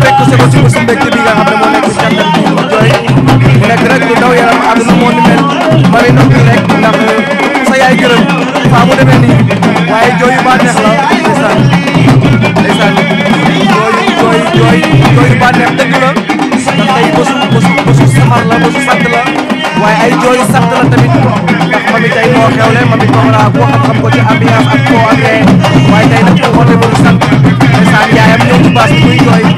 teg ko sama suuf si mbégte bi nga xam ne moo nekk cantal bi mu jooy mu nekk rek lu daw yaram àdduna moo ni mel ma lay noppi rek ndax sa yaay gërëm faa mu demee nii waaye jooy yu bànneex la ndeysaan ndeysaan jooy jooy jooy jooy yu bànneex dëgg la ndax tey bësu bësu bësu samar la bësu sant la waaye ay jooy sant la tamit ndax mami tey moo xewle mami Camara koo xam xam ko ci ambiance ak koo amee waaye tey nag ko xoolee bëgg sant ndeysaan yaayam ñëw ci baas muy jooy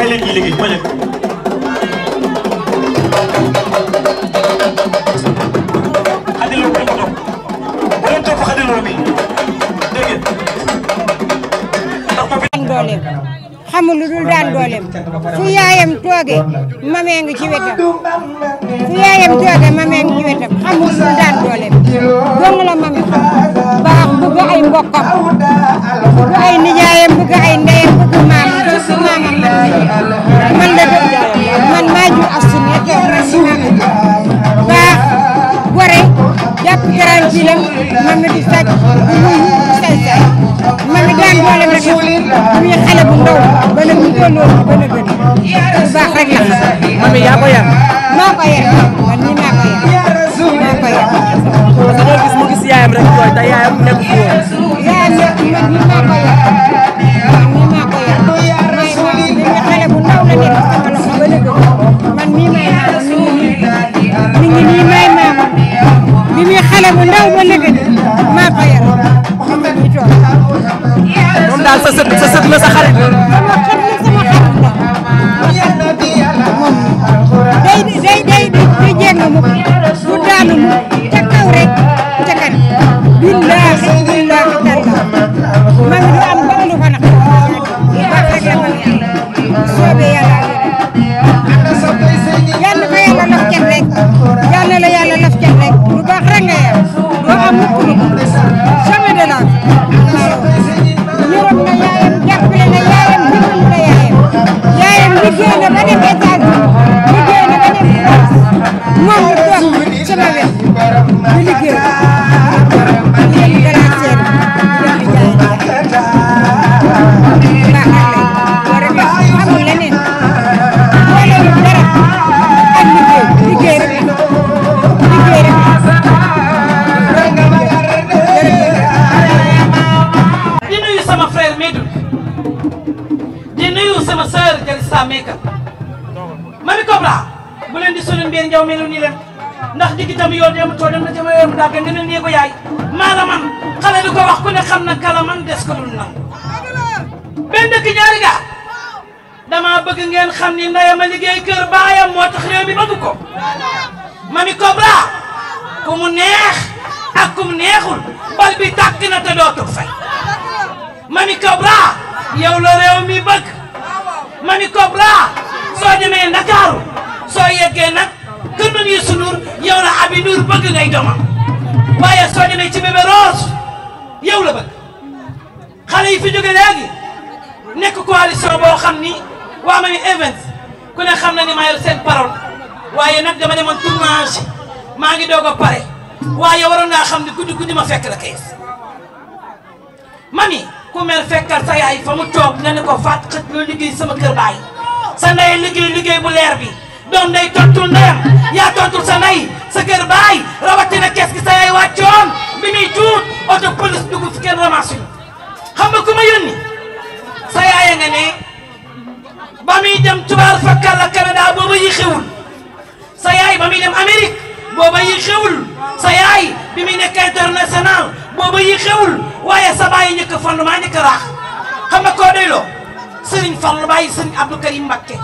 may leen xamul dul daan dooleem fu yaayam tooge mamee ngi ci wetam fu yaayam tooge mamee ngi ci wetam xamul dul daan dooleem dong la mame xam baax bëgg ay mbokkam bëgg ay nijaayam bëgg ay ndeyam bëgg man maa jur Astou Nekk waa Gorée jàpp garaan ci lam man di sàcc muy say mi daan boole nag muy xale bu ndaw ba nag ñu tolloo ba nag gën bu baax rek la mami yaa ko yar maa ko yar man mii maa ko ndax digg tam yoo man xale lu ku bëgg ngeen xam ni ndeyama liggéey kër mu neex ak ku mu neexul bal bi tàkk na te dootul fay mami Cobra yow la réew mi bëgg mami soo demee Ndakaaru soo yeggee nag kër doon Youssou Ndour yow la Aby Ndour bëgg ngay doomam waaye soo ci bébé Rose yow bëgg xale yi jóge léegi nekk coalition boo xam ni waa Mamy Events ku ne xam na ni maa yor seen parole waaye nag dama demoon tournage maa ngi doog a pare waaye waroon ngaa xam ni guddi guddi ma fekk la kees mami ku mer fekkal sa yaay fa mu toog nga ko faat xët loo liggéey sama kër baay sa ndey liggéey liggéey bu bi doom day tontul ndeyam yaa tontul sa nay sa kër baay rawatina kees gi sa yaay wàccoon bi muy tuut oto police dugg fi kenn ramasse ku ma sa yaaya nga ne ba muy dem tubaar fakkal la Canada booba yi xewul sa yaay ba muy dem Amérique booba yi xewul sa yaay bi muy nekk international booba yi xewul waaye sa baay njëkk fond maa njëkk raax xam nga koo doyloo Serigne Fallou Baye Serigne Abdou Karim Mbacké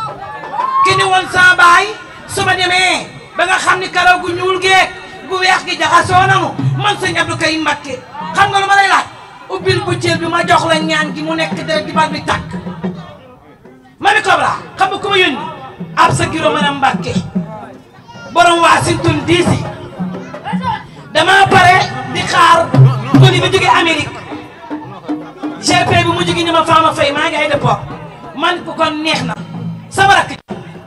ki ni woon sa baay ma demee ba nga xam ni karaw gu ñuul geeg gu weex gi jaxasoo nanu man sëñ Abdou Karim Mbacké xam nga lu ma lay laaj ubbil bu cër bi ma jox la ñaan gi mu nekk dara di baat bi tàkk ma ni Cobra xam nga ku ma ab sa giro manam Mbacké borom Washington DC dama pare di xaar toni bi jóge Amérique GP bi mu jóge ni ma faama fay maa ngi ay déport man ko kon neex na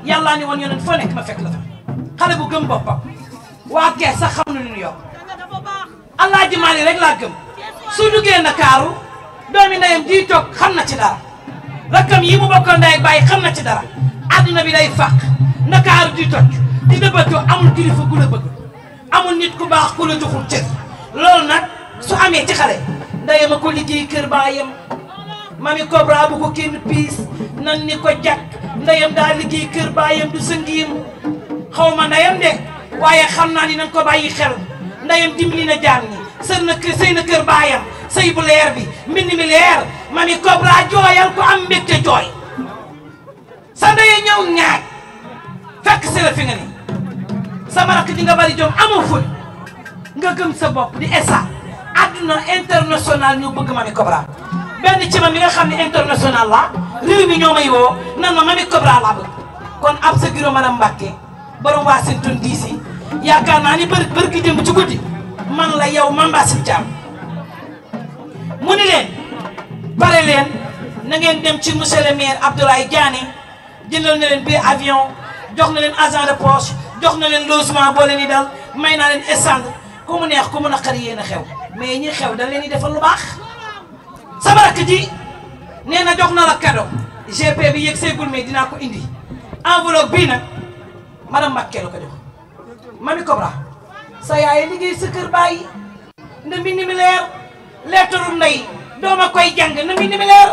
yàllaa ni woon yonent foo nekk ma fekk la fa xale bu gëm boppam waa Kees sax xam na lu ñu yokk Alaaji Maali rek laa gëm su duggee Ndakaaru doomi ndeyam di toog xam na ci dara rakkam yi mu bokkoon ndey ak xam na ci dara àdduna bi day fàq Ndakaaru di toj di dëbëtoo amul kilifa gu la amul nit ku baax ku la joxul cër nag su amee ci xale ndeyam a ko liggéey kër baayam mami Cobra bu ko kenn piis nan ni ko jàkk ndeyam daa liggéey kër baayam du sëngiyam xaw ma ndeyam de waaye xam naa ni nañ ko bàyyi xel ndeyam dimbali na jaam ñi sër na kër sëy na kër baayam sëy bu leer bi mbind mi leer ma ni Cobra jooyal ko am mbégte jooy sa ndeye ñëw ñaaj fekk si la sama rakk ji nga bari jom amoo ful nga gëm sa bopp di esa àdduna international ñu bëgg ma ni Cobra benn ci man mi nga xam ne international réew i ñoo may woo nan ma mami Cobra laa bëgg kon ab ma giro madame Mbacke borom Washington DC yaakaar naa ni bër bër ki jëm ci guddi man la yow man Mbassim Thiam mu ni leen pare leen na ngeen dem ci monsieur le maire Abdoulaye Diané jëndal na leen biir avion jox na leen agent de poche jox na leen logement boo leen di dal may naa leen essence ku mu neex ku mu naqari yéen a xew mais ñi xew da leen di defal lu baax sa baraka nee na jox na la cadeau GP bi yëg seegul mais dinaa ko indi enveloppe bii nag madame Mbacké la ko jox mami Cobra sa yaay liggéey sa kër bàyyi na mbind mi leer leetaru um ndey dooma koy jàng na mi leer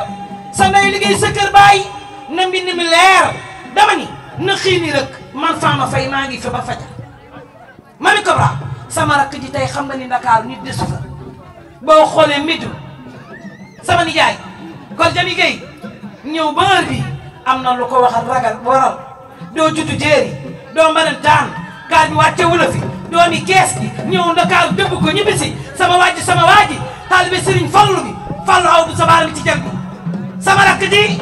sa ndey liggéey sa kër bàyyi mi leer dama ni na xiini man faama fay maa ngi fi ba fajar mami Cobra sama rakk ji tey xam nga ni Ndakaaru nit desu fa boo xoolee métu sama nijaay gor Jami Guèye ñëw ba heure am na lu ko waxal ragal waral doo juddu jéeri doo mën daan gaañ wàcce wu la fi doomi kees gi ñëw ndakaaru dëbb ko ñibbisi sama waaji sama waaji taalibe bi Fallu aw du sabaar bi ci jàng sama rakk ji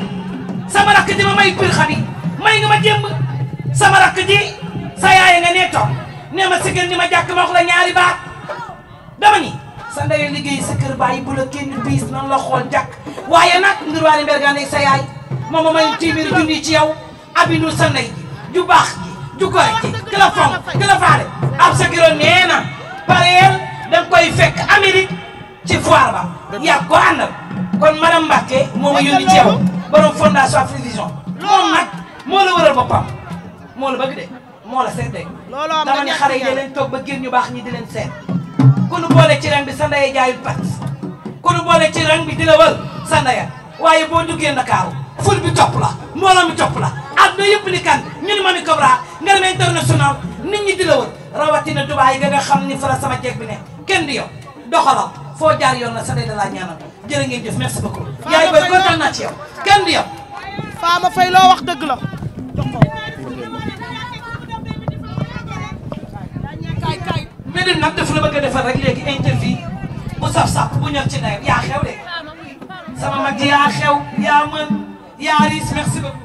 sama rakk ji ma may bir xabi may nga ma jëmb sama rakk ji sa yaay nga nee toog nee ma siggal ni ma jàkk ma wax la ñaari baat sa ndey liggéey sa kër bàyyi bu la kenn biis nan la xool jàkk waaye nag ndur waale mbergaan ak sa yaay moom may téeméeri junni ci yow abinu sa ndey ju baax ji ju goy ji ki la fonk ki la faale ab sa nee na pareel danga koy fekk Amérique ci foire ba yàgg ko àndal kon madame Mbacke moo ma yónni ci yow borom a Afrique Vision moom nag moo la waral boppam moo la bëgg de moo la seet de dama ne xale yi di toog ba génn ñu baax ñi di leen ku nu boole ci rang bi sa ndaya jaayul pat ku nu boole ci rang bi dina wal sa waaye boo duggee Ndakaaru ful bi topp la mbooloo mi topp la àdduna yëpp ni kan ñu ne Mamy Cobra nga dem international nit ñi di la wër rawatina Dubaay nga nga xam ni fa sama jeeg bi ne kenn di yow doxalal foo jaar yoon la sa ndey da laa ñaanal jërë ngeen jëf merci beaucoup. yaay booy kontaan naa ci yow kenn di loo wax dëgg la defal rek léegi interview bu saf saf bu ñor ci nawet yaa xew de sama mag ji yaa xew yaa mën yaa riis merci beaucoup.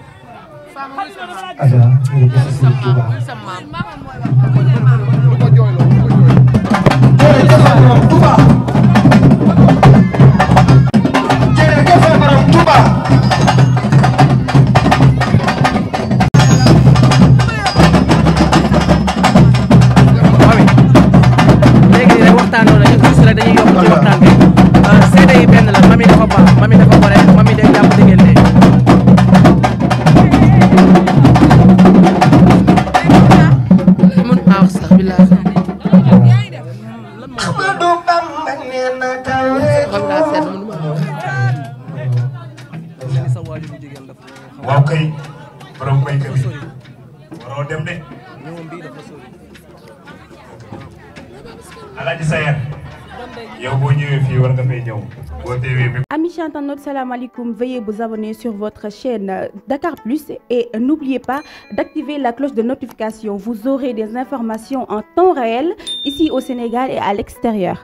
Adja ñu ngi Alaaji Sayer yow boo ñëwee fii war veuillez vous abonner sur votre chaîne Dakar Plus et n'oubliez pas d'activer la cloche de notification vous aurez des informations en temps réel ici au Sénégal et à l'extérieur